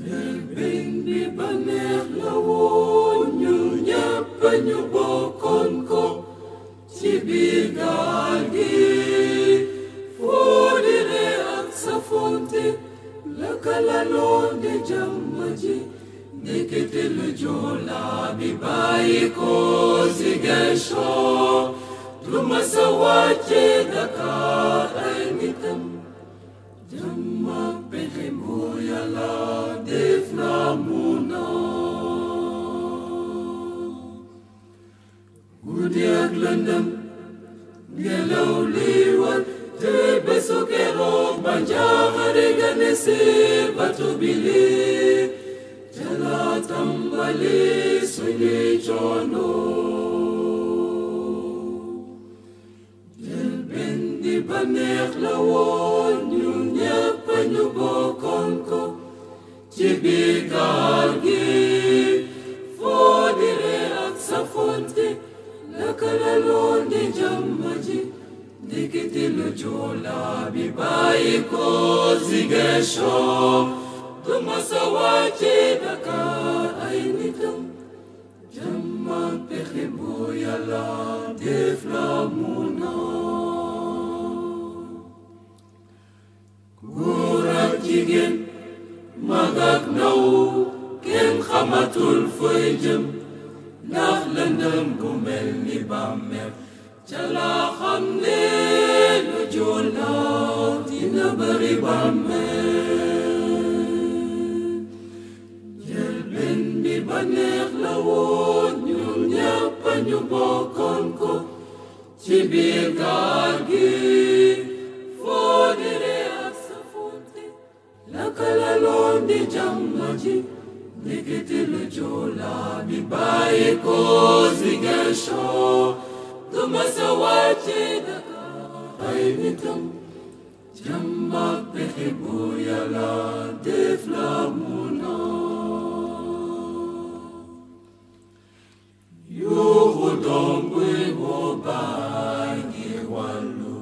njëlbéen bi ba neex la woon ñu ñépp ñu bokkoon ak sa fonte lëkkalaloon di jàmm ji ndekete lu joolaa du ma sa wàcce Dakar ay nitam guddi ak lëndëm ngelaw li war te bésu keroog ba njaaxare gane si bato bi li ca la tàmbali suñuy coono jël benn di baneex la woon ñun ñëpp ñu bokkoon ko ci biir gaal gi Mji dikitili jula bibayi ko zigesho dumasa waje daka aynitam jamma pexe bu yàlla def la muna góor ak jigéen mag ak ndaw kenn xamatul fooy jëm ndax lëndëm bu mel ni bàmmeel ca laa xam ne lu joolaa dina bari bàmmeel jël bi ba neex la woon ñu ñëpp ñu bokkoon ko ci biir gaal gi foo dere sa fonte la kalaloon di jàmma ji ndekete lu joolaa bi bàyyi ko Ziguinchor ثم سواتينك عينكم جمع بحبو يا لا دفلامونا يوهو دونغوي وباي والو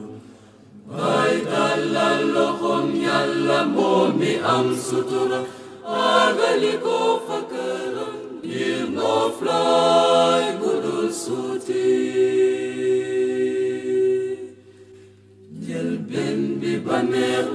باي دلالهم يلا مومي أم سترة أغلقوا فكرا يرنو فلاي قدر سورة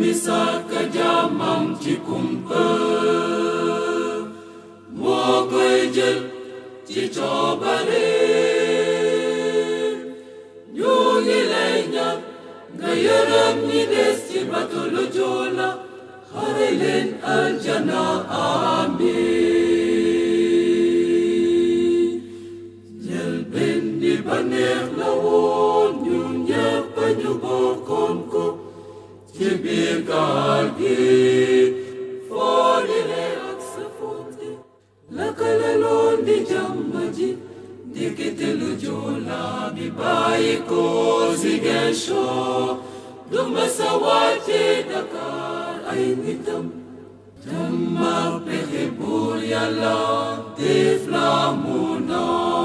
mi sàkk jaamam ci kumpa moo koy jël ci coobare ñu ngi lay ñaan nga yërëm ñi des ci bato lu joola xare leen aljana amiin jël benn ba neex la woon ñu ñëpp ñu bokkoon ko ci biir gaal gi foolile ak sa fóote lëkkale loon di jàmba ji diggite lu joolaa bi bàyyi ko Ziguinchor du ma sa wàcce Dakar ay nitam jàmma pexe buur yàlla def la mu naan